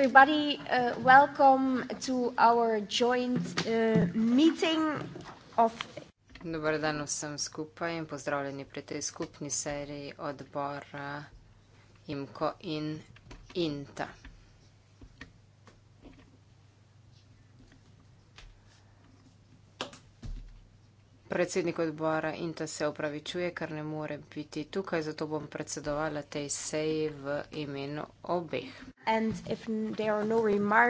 everybody. Uh, welcome to our joint uh, meeting of. Dobar dan vsem skupaj in pozdravljeni pri tej skupni seriji odbora IMCO in INTA. predsednik odbora Inta se opravičuje, ker ne more biti tukaj, zato bom predsedovala tej seji v imenu obeh. No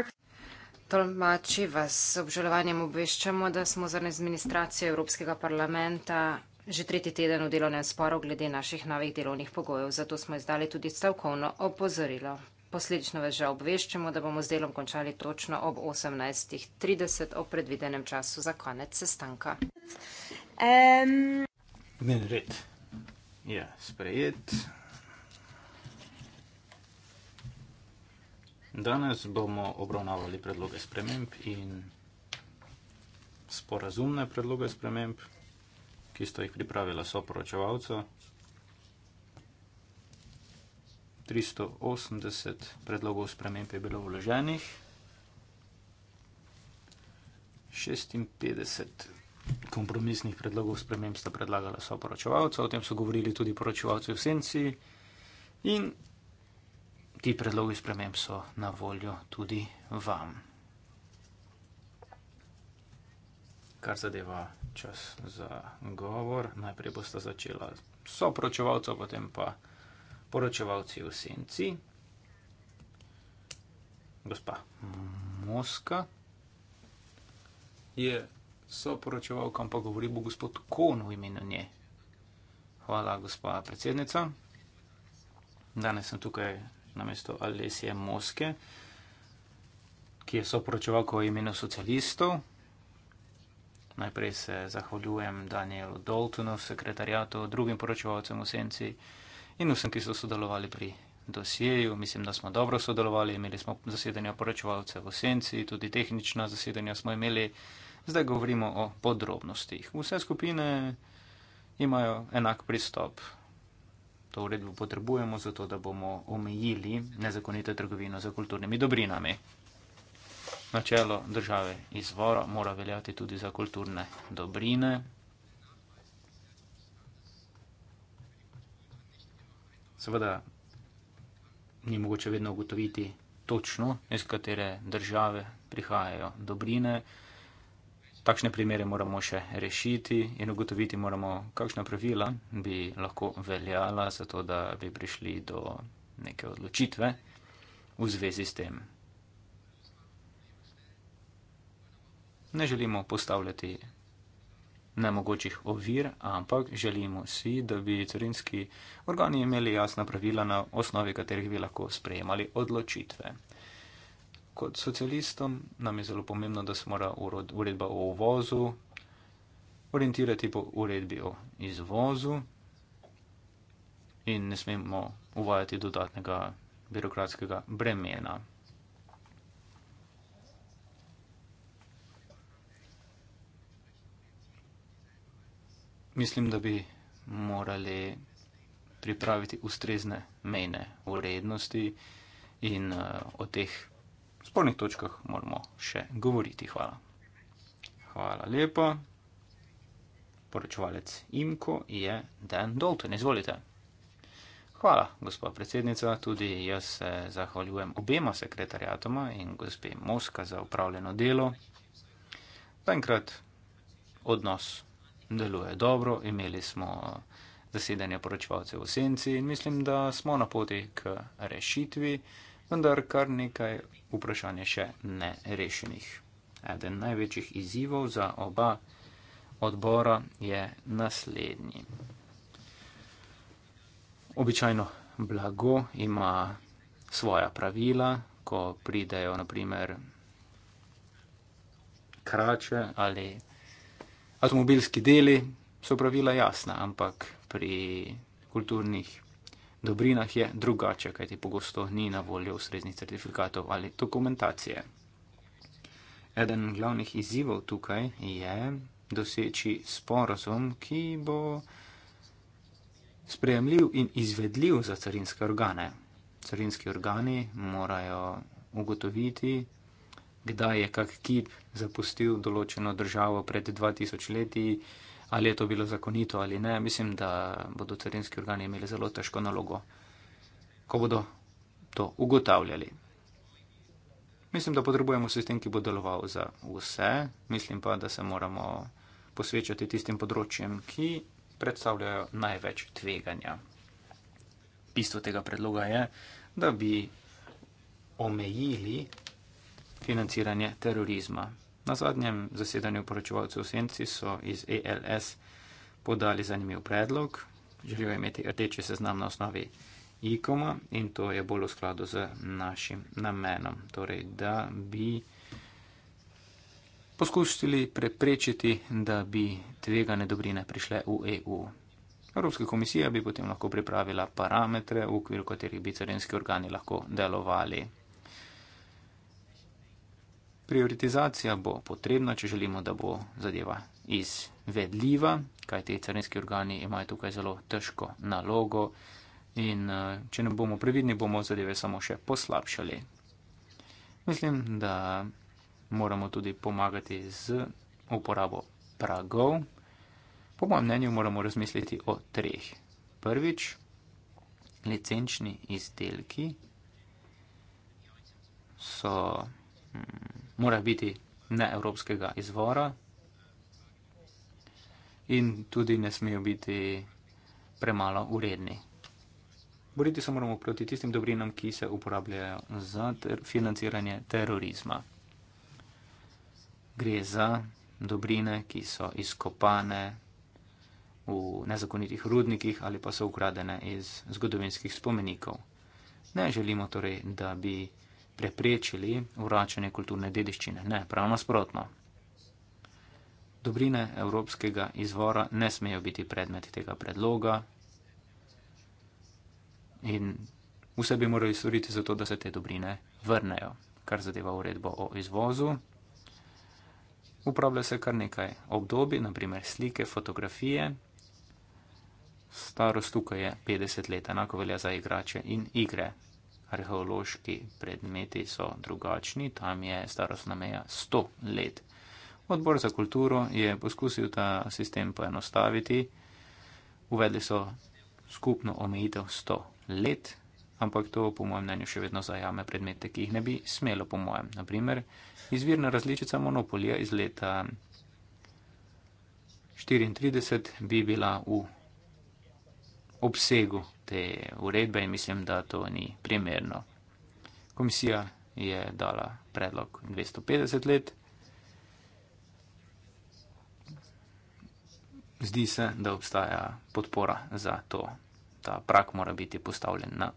Tolmači vas, s obžalovanjem obveščamo, da smo zaradi administracije Evropskega parlamenta že tretji teden v delovnem sporu glede naših novih delovnih pogojev, zato smo izdali tudi stavkovno opozorilo. Posledično vas že obveščamo, da bomo z delom končali točno ob 18.30 o predvidenem času za konec sestanka. Um... Dnevni red. Ja, sprejet. Danes bomo obravnavali predloge sprememb in sporazumne predloge sprememb, ki sta jih pripravila soporočevalca. 380 predlogov sprememb je bilo vloženih, 56 kompromisnih predlogov sprememb sta predlagala so poročevalca, o tem so govorili tudi poročevalci v senci in ti predlogi sprememb so na voljo tudi vam. Kar zadeva čas za govor, najprej boste začela soporočevalcev, potem pa poročevalci v senci, gospa Moska je soporočevalka, ampak govori bo gospod Kon v imenu nje. Hvala, gospa predsednica. Danes sem tukaj na mesto Alesije Moske, ki je soporočevalka v imenu socialistov. Najprej se zahvaljujem Danielu Daltonu, sekretarjatu, drugim poročevalcem v senci in vsem, ki so sodelovali pri dosjeju. Mislim, da smo dobro sodelovali, imeli smo zasedanja poročevalcev v senci, tudi tehnična zasedanja smo imeli. Zdaj govorimo o podrobnostih. Vse skupine imajo enak pristop. To uredbo potrebujemo zato, da bomo omejili nezakonito trgovino za kulturnimi dobrinami. Načelo države izvora mora veljati tudi za kulturne dobrine. seveda ni mogoče vedno ugotoviti točno, iz katere države prihajajo dobrine. Takšne primere moramo še rešiti in ugotoviti moramo, kakšna pravila bi lahko veljala za to, da bi prišli do neke odločitve v zvezi s tem. Ne želimo postavljati nemogočih ovir, ampak želimo si, da bi carinski organi imeli jasna pravila, na osnovi katerih bi lahko sprejemali odločitve. Kot socialistom nam je zelo pomembno, da se mora uredba o uvozu orientirati po uredbi o izvozu in ne smemo uvajati dodatnega birokratskega bremena. mislim, da bi morali pripraviti ustrezne mejne urednosti in uh, o teh spornih točkah moramo še govoriti. Hvala. Hvala lepa. Poročevalec Imko je Dan Dalton, izvolite. Hvala, gospa predsednica, tudi jaz se zahvaljujem obema sekretarjatoma in gospe Moska za upravljeno delo. Zaenkrat odnos deluje dobro, imeli smo eh, zasedanje poročevalcev v senci in mislim, da smo na poti k rešitvi, vendar kar nekaj vprašanje še ne rešenih. Eden največjih izzivov za oba odbora je naslednji. Običajno blago ima svoja pravila, ko pridejo naprimer krače ali avtomobilski deli so pravila jasna, ampak pri kulturnih dobrinah je drugače, kajti pogosto ni na voljo ustreznih certifikatov ali dokumentacije. Eden glavnih izzivov tukaj je doseči sporozum, ki bo sprejemljiv in izvedljiv za carinske organe. Carinski organi morajo ugotoviti, kdaj je kak kip zapustil določeno državo pred 2000 leti, ali je to bilo zakonito ali ne. Mislim, da bodo carinski organi imeli zelo težko nalogo, ko bodo to ugotavljali. Mislim, da potrebujemo sistem, ki bo deloval za vse. Mislim pa, da se moramo posvečati tistim področjem, ki predstavljajo največ tveganja. Bistvo tega predloga je, da bi omejili financiranje terorizma. Na zadnjem zasedanju poročevalcev v Senci so iz ALS podali zanimiv predlog. Želijo imeti rdeče seznam na osnovi ICOM-a in to je bolj v skladu z našim namenom. Torej, da bi poskušali preprečiti, da bi tvegane dobrine prišle v EU. Evropska komisija bi potem lahko pripravila parametre, v okviru katerih bi carinski organi lahko delovali. Prioritizacija bo potrebna, če želimo, da bo zadeva izvedljiva, kaj te carinski organi imajo tukaj zelo težko nalogo in eh, če ne bomo previdni, bomo zadeve samo še poslabšali. Mislim, da moramo tudi pomagati z uporabo pragov. Po mojem mnenju moramo razmisliti o treh. Prvič, licenčni izdelki so. Hmm, mora biti neevropskega izvora in tudi ne smejo biti premalo uredni. Boriti se moramo proti tistim dobrinam, ki se uporabljajo za ter financiranje terorizma. Gre za dobrine, ki so izkopane v nezakonitih rudnikih ali pa so ukradene iz zgodovinskih spomenikov. Ne želimo torej, da bi preprečili vračanje kulturne dediščine. Ne, prav nasprotno. Dobrine evropskega izvora ne smejo biti predmet tega predloga in vse bi morali storiti za to, da se te dobrine vrnejo, kar zadeva uredbo o izvozu. Upravlja se kar nekaj obdobi, naprimer slike, fotografije. Starost tukaj je 50 let, enako velja za igrače in igre arheološki predmeti so drugačni, tam je starostna meja 100 let. Odbor za kulturo je poskusil ta sistem poenostaviti, uvedli so skupno omejitev 100 let, ampak to po mojem mnenju še vedno zajame predmete, ki jih ne bi smelo po mojem. Naprimer, izvirna različica monopolija iz leta 34 bi bila v obsegu te uredbe in mislim, da to ni primerno. Komisija je dala predlog 250 let. Zdi se, da obstaja podpora za to. Ta prak mora biti postavljen na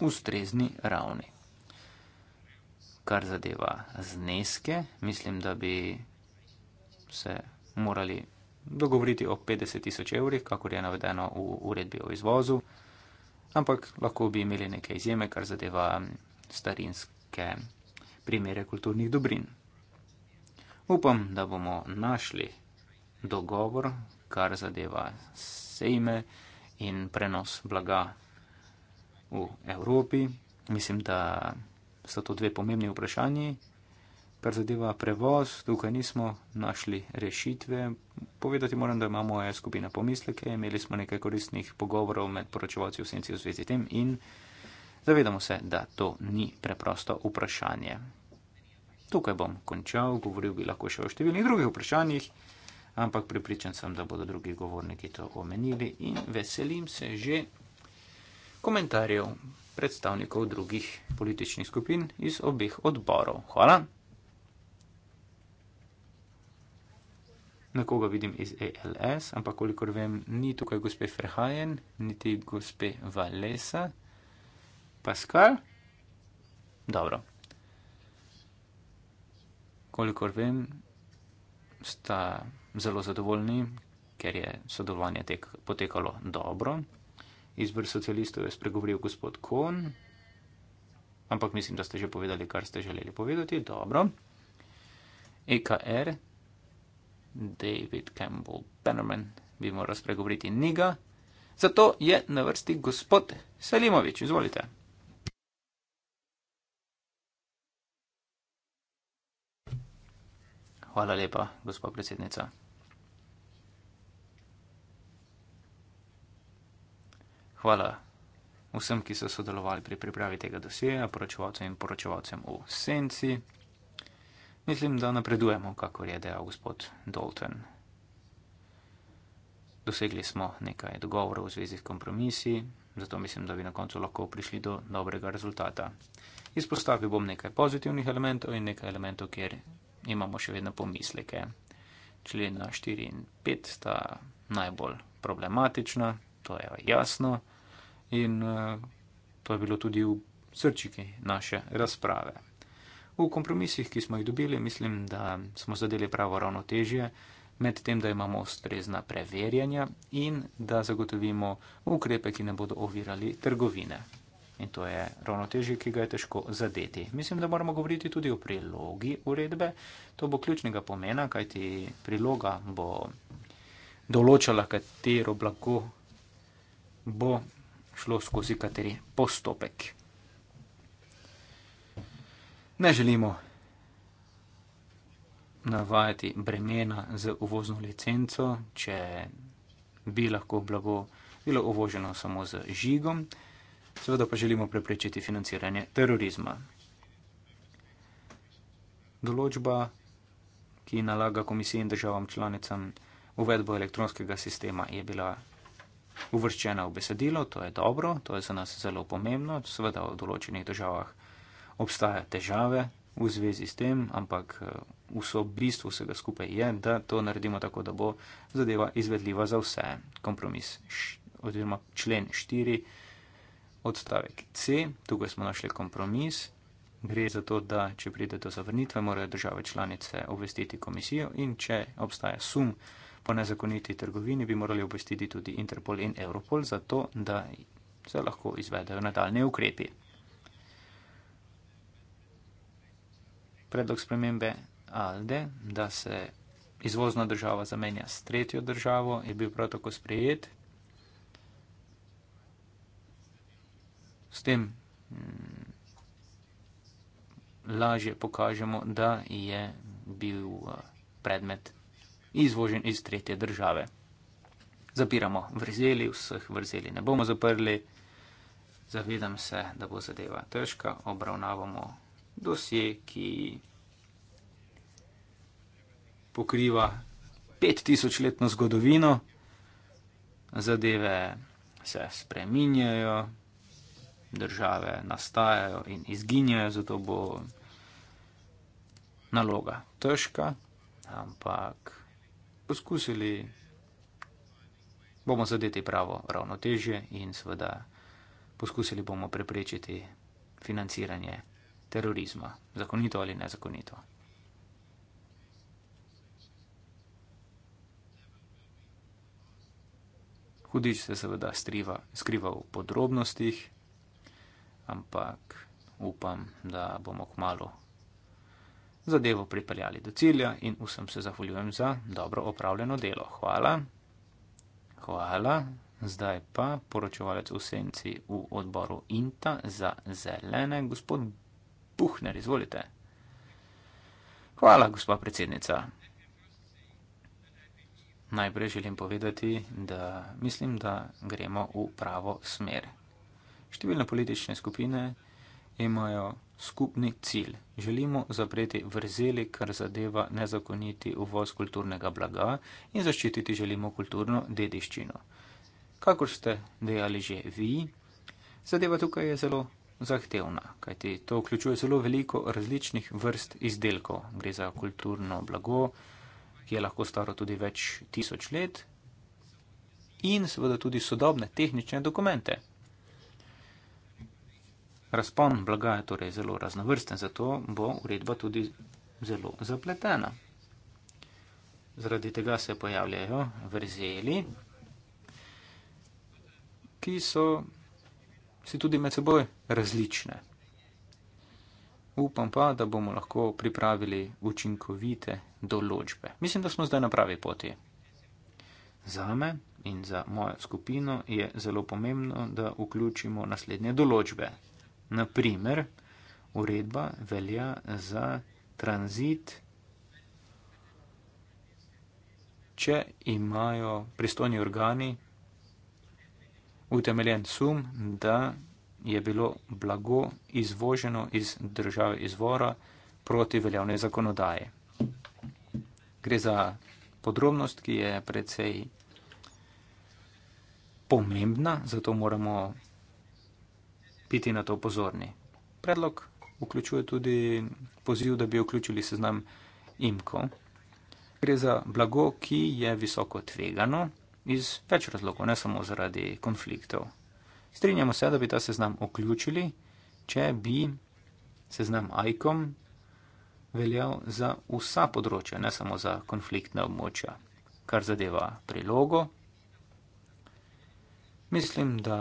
ustrezni ravni. Kar zadeva zneske, mislim, da bi se morali dogovoriti o 50 tisoč evrih, kakor je navedeno v uredbi o izvozu, ampak lahko bi imeli neke izjeme, kar zadeva starinske primere kulturnih dobrin. Upam, da bomo našli dogovor, kar zadeva sejme in prenos blaga v Evropi. Mislim, da so to dve pomembni vprašanji, kar zadeva prevoz, tukaj nismo našli rešitve. Povedati moram, da imamo moja skupina pomisleke, imeli smo nekaj koristnih pogovorov med poročevalci v senci v zvezi tem in zavedamo se, da to ni preprosto vprašanje. Tukaj bom končal, govoril bi lahko še o številnih drugih vprašanjih, ampak pripričan sem, da bodo drugi govorniki to omenili in veselim se že komentarjev predstavnikov drugih političnih skupin iz obeh odborov. Hvala. nekoga vidim iz ALS, ampak kolikor vem, ni tukaj gospe Ferhajen, niti gospe Valesa. Paskal? Dobro. Kolikor vem, sta zelo zadovoljni, ker je sodelovanje tek, potekalo dobro. Izbr socialistov je spregovoril gospod Kohn, ampak mislim, da ste že povedali, kar ste želeli povedati. Dobro. EKR, David Campbell Bannerman bi moral spregovoriti, njega. Zato je na vrsti gospod Salimovič. Izvolite. Hvala lepa, gospod predsednica. Hvala vsem, ki so sodelovali pri pripravi tega dosjeja, poročevalcem in poročevalcem v senci. Mislim, da napredujemo, kakor je dejal gospod Dalton. Dosegli smo nekaj dogovorov v zvezi s kompromisi, zato mislim, da bi na koncu lahko prišli do dobrega rezultata. Izpostavil bom nekaj pozitivnih elementov in nekaj elementov, kjer imamo še vedno pomisleke. Člena 4 in 5 sta najbolj problematična, to je jasno in eh, to je bilo tudi v srčiki naše razprave v kompromisih, ki smo jih dobili, mislim, da smo zadeli pravo ravnotežje med tem, da imamo ustrezna preverjanja in da zagotovimo ukrepe, ki ne bodo ovirali trgovine. In to je ravnotežje, ki ga je težko zadeti. Mislim, da moramo govoriti tudi o prilogi uredbe. To bo ključnega pomena, kajti priloga bo določala, katero blago bo šlo skozi kateri postopek ne želimo navajati bremena z uvozno licenco, če bi lahko blago bilo uvoženo samo z žigom, seveda pa želimo preprečiti financiranje terorizma. Določba, ki nalaga komisiji in državam članicam uvedbo elektronskega sistema, je bila uvrščena v besedilo, to je dobro, to je za nas zelo pomembno, seveda v določenih državah obstajajo težave v zvezi s tem, ampak eh, vso bistvo vsega skupaj je, da to naredimo tako, da bo zadeva izvedljiva za vse. Kompromis oziroma člen 4 odstavek C, tukaj smo našli kompromis. Gre za to, da če pride do zavrnitve, morajo države članice obvestiti komisijo in če obstaja sum po nezakoniti trgovini, bi morali obvestiti tudi Interpol in Europol za to, da se lahko izvedejo nadaljne ukrepi. predlog spremembe ALDE, da se izvozna država zamenja s tretjo državo, je bil prav tako sprejet. S tem mm, lažje pokažemo, da je bil eh, predmet izvožen iz tretje države. Zapiramo vrzeli, vseh vrzeli ne bomo zaprli. Zavedam se, da bo zadeva težka, obravnavamo dosje, ki pokriva 5000 letno zgodovino, zadeve se spreminjajo, države nastajajo in izginjajo, zato bo naloga težka, ampak poskusili bomo zadeti pravo ravnotežje in seveda poskusili bomo preprečiti financiranje terorizma, zakonito ali nezakonito. Hudič se seveda striva, skriva v podrobnostih, ampak upam, da bomo kmalo zadevo pripeljali do cilja in vsem se zahvaljujem za dobro opravljeno delo. Hvala, hvala. Zdaj pa poročevalec v senci v odboru INTA za zelene, gospod Puhner, izvolite. Hvala, gospa predsednica. Najprej želim povedati, da mislim, da gremo v pravo smer. Številne politične skupine imajo skupni cilj. Želimo zapreti vrzeli, kar zadeva nezakoniti uvoz kulturnega blaga in zaščititi želimo kulturno dediščino. Kakor ste dejali že vi, zadeva tukaj je zelo zahtevna, kajti to vključuje zelo veliko različnih vrst izdelkov. Gre za kulturno blago, ki je lahko staro tudi več tisoč let in seveda tudi sodobne tehnične dokumente. Razpon blaga je torej zelo raznovrsten, zato bo uredba tudi zelo zapletena. Zaradi tega se pojavljajo vrzeli, ki so si tudi med seboj različne. Upam pa, da bomo lahko pripravili učinkovite določbe. Mislim, da smo zdaj na pravi poti. Za me in za mojo skupino je zelo pomembno, da vključimo naslednje določbe. Naprimer, uredba velja za tranzit, če imajo pristojni organi utemeljen sum, da je bilo blago izvoženo iz države izvora proti veljavne zakonodaje. Gre za podrobnost, ki je precej pomembna, zato moramo biti na to pozorni. Predlog vključuje tudi poziv, da bi vključili seznam imko. Gre za blago, ki je visoko tvegano iz več razlogov, ne samo zaradi konfliktov. Strinjamo se, da bi ta seznam vključili, če bi seznam ICOM veljal za vsa področja, ne samo za konfliktna območja, kar zadeva prilogo. Mislim, da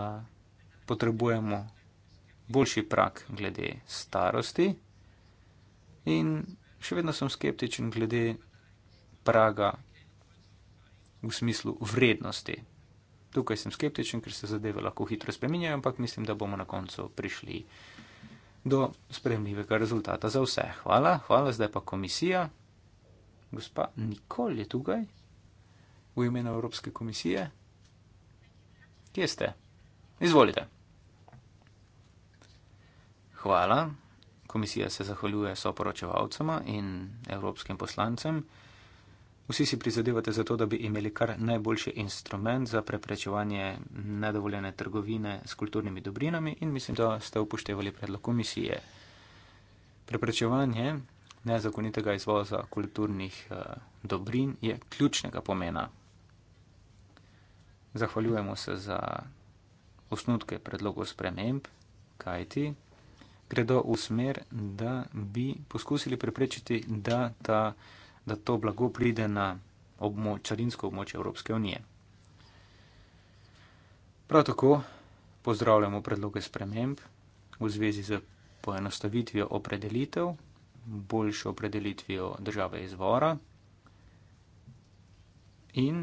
potrebujemo boljši prak glede starosti in še vedno sem skeptičen glede praga v smislu vrednosti. Tukaj sem skeptičen, ker se zadeve lahko hitro spreminjajo, ampak mislim, da bomo na koncu prišli do spremljivega rezultata za vse. Hvala, hvala, zdaj pa komisija. Gospa Nikol je tukaj v imenu Evropske komisije. Kje ste? Izvolite. Hvala. Komisija se zahvaljuje soporočevalcema in evropskim poslancem. Vsi si prizadevate za to, da bi imeli kar najboljši instrument za preprečevanje nedovoljene trgovine s kulturnimi dobrinami in mislim, da ste upoštevali predlog komisije. Preprečevanje nezakonitega izvoza kulturnih uh, dobrin je ključnega pomena. Zahvaljujemo se za osnutke predlogov sprememb, kajti gredo v smer, da bi poskusili preprečiti, da ta da to blago pride na obmo, carinsko območje Evropske unije. Prav tako pozdravljamo predloge sprememb v zvezi z poenostavitvijo opredelitev, boljšo opredelitvijo države izvora in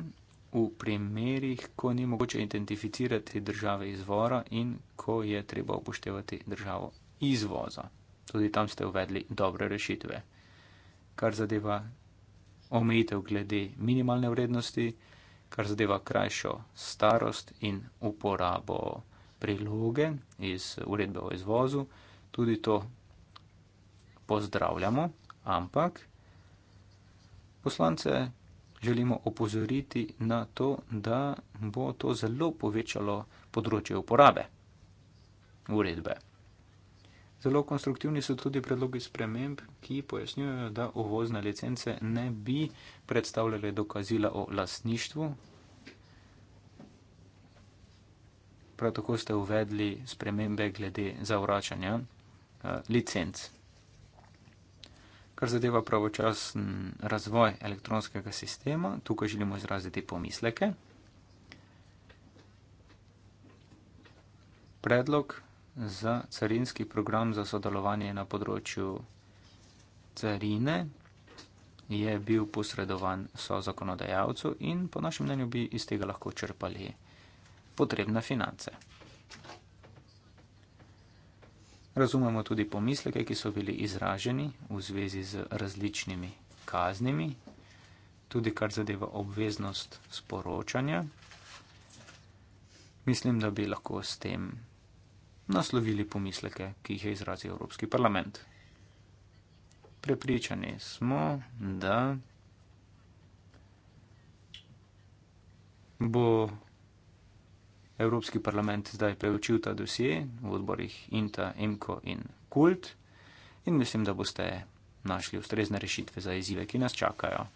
v primerih, ko ni mogoče identificirati države izvora in ko je treba upoštevati državo izvoza. Tudi tam ste uvedli dobre rešitve. Kar zadeva omejitev glede minimalne vrednosti, kar zadeva krajšo starost in uporabo priloge iz uredbe o izvozu, tudi to pozdravljamo, ampak poslance želimo opozoriti na to, da bo to zelo povečalo področje uporabe uredbe. Zelo konstruktivni so tudi predlogi sprememb, ki pojasnjujejo, da uvozne licence ne bi predstavljale dokazila o lasništvu. Prav tako ste uvedli spremembe glede zavračanja eh, licenc. Kar zadeva pravočasen razvoj elektronskega sistema, tukaj želimo izraziti pomisleke. Predlog za carinski program za sodelovanje na področju carine je bil posredovan so zakonodajalcu in po našem mnenju bi iz tega lahko črpali potrebne finance. Razumemo tudi pomisleke, ki so bili izraženi v zvezi z različnimi kaznimi, tudi kar zadeva obveznost sporočanja. Mislim, da bi lahko s tem naslovili pomisleke, ki jih je izrazil Evropski parlament. Prepričani smo, da bo Evropski parlament zdaj preučil ta dosje v odborih INTA, EMKO in KULT in mislim, da boste našli ustrezne rešitve za izzive, ki nas čakajo.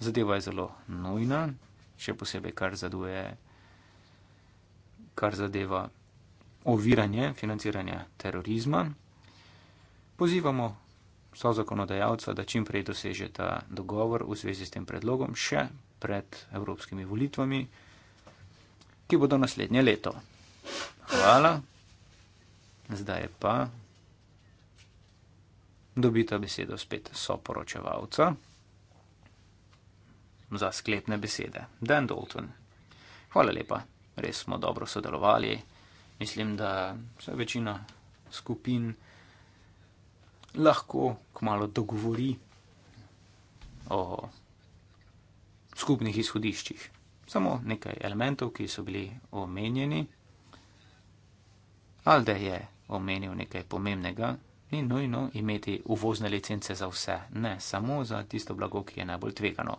Zadeva je zelo nujna, še posebej kar zaduje, kar zadeva oviranje financiranja terorizma, pozivamo so zakonodajalca, da čim prej doseže ta dogovor v zvezi s tem predlogom, še pred evropskimi volitvami, ki bodo naslednje leto. Hvala. Zdaj pa dobita besedo spet soporočevalca za sklepne besede. Dan Dalton. Hvala lepa. Res smo dobro sodelovali mislim, da se večina skupin lahko kmalo dogovori o skupnih izhodiščih. Samo nekaj elementov, ki so bili omenjeni. Alde je omenil nekaj pomembnega. Ni nujno imeti uvozne licence za vse, ne samo za tisto blago, ki je najbolj tvegano.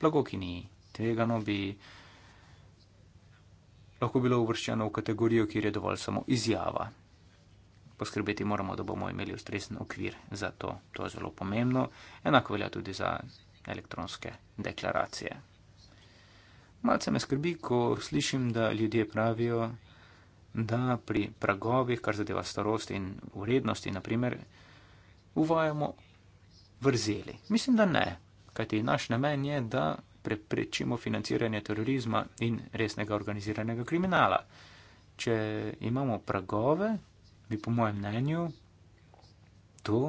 Blago, ki ni tvegano, bi lahko bilo uvrščeno v kategorijo, kjer je dovolj samo izjava. Poskrbeti moramo, da bomo imeli ustrezen okvir za to. To je zelo pomembno. Enako velja tudi za elektronske deklaracije. Malce me skrbi, ko slišim, da ljudje pravijo, da pri pragovih, kar zadeva starost in urednosti, naprimer, uvajamo vrzeli. Mislim, da ne, kajti naš namen je, da preprečimo financiranje terorizma in resnega organiziranega kriminala. Če imamo pragove, bi po mojem mnenju to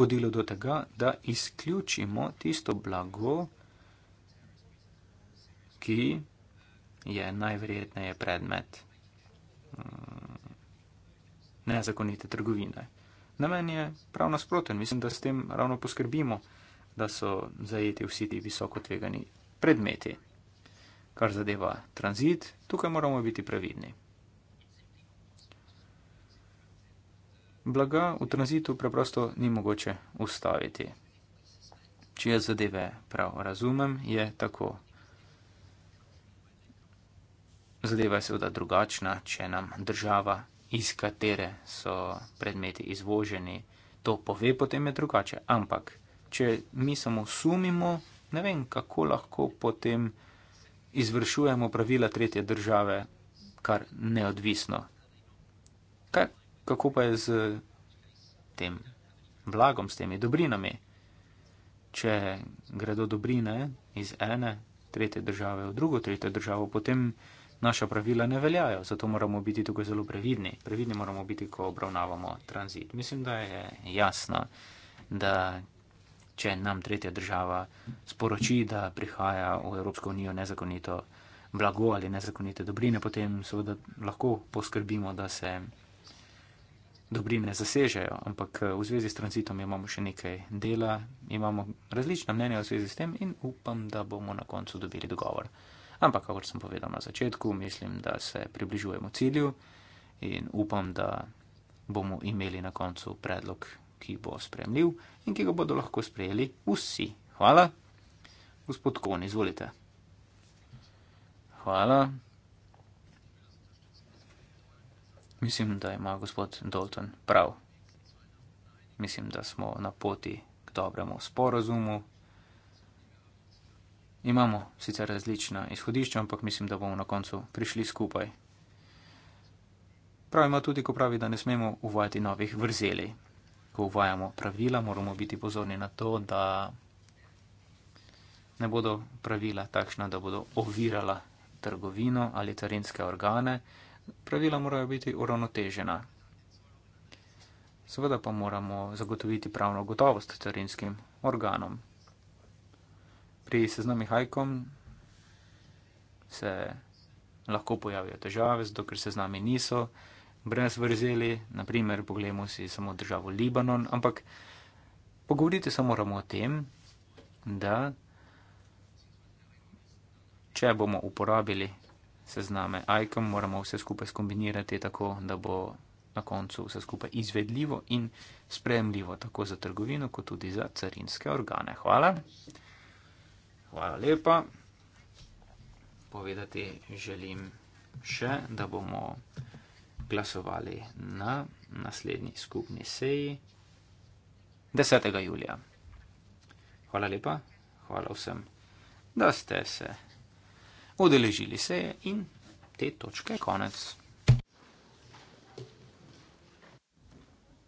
vodilo do tega, da izključimo tisto blago, ki je najverjetneje predmet mm, nezakonite trgovine. Namen je prav nasproten. Mislim, da s tem ravno poskrbimo, da so zajeti vsi ti visoko tvegani predmeti. Kar zadeva tranzit, tukaj moramo biti previdni. Blaga v tranzitu preprosto ni mogoče ustaviti. Če jaz zadeve prav razumem, je tako. Zadeva je seveda drugačna, če nam država, iz katere so predmeti izvoženi, to pove, potem je drugače. Ampak, če mi samo sumimo, ne vem, kako lahko potem izvršujemo pravila tretje države, kar neodvisno. Kaj, kako pa je z tem blagom, s temi dobrinami? Če gredo dobrine iz ene tretje države v drugo tretje državo, potem naša pravila ne veljajo. Zato moramo biti tukaj zelo previdni. Previdni moramo biti, ko obravnavamo tranzit. Mislim, da je jasno, da če nam tretja država sporoči, da prihaja v Evropsko unijo nezakonito blago ali nezakonite dobrine, potem seveda lahko poskrbimo, da se dobrine zasežejo. Ampak eh, v zvezi s transitom imamo še nekaj dela, imamo različna mnenja v zvezi s tem in upam, da bomo na koncu dobili dogovor. Ampak, kot sem povedal na začetku, mislim, da se približujemo cilju in upam, da bomo imeli na koncu predlog ki bo spremljiv in ki ga bodo lahko sprejeli vsi. Hvala, gospod Kon, izvolite. Hvala. Mislim, da ima gospod Dalton prav. Mislim, da smo na poti k dobremu sporazumu. Imamo sicer različna izhodišča, ampak mislim, da bomo na koncu prišli skupaj. Pravi ima tudi, ko pravi, da ne smemo uvajati novih vrzeli ko uvajamo pravila, moramo biti pozorni na to, da ne bodo pravila takšna, da bodo ovirala trgovino ali carinske organe. Pravila morajo biti uravnotežena. Seveda pa moramo zagotoviti pravno gotovost carinskim organom. Pri seznamih hajkom se lahko pojavijo težave, zato ker se z nami niso brez vrzeli, naprimer, pogledamo si samo državo Libanon, ampak pogovoriti se moramo o tem, da če bomo uporabili sezname ICOM, moramo vse skupaj skombinirati tako, da bo na koncu vse skupaj izvedljivo in sprejemljivo tako za trgovino, kot tudi za carinske organe. Hvala. Hvala lepa. Povedati želim še, da bomo glasovali na naslednji skupni seji 10. julija. Hvala lepa, hvala vsem, da ste se udeležili seje in te točke konec.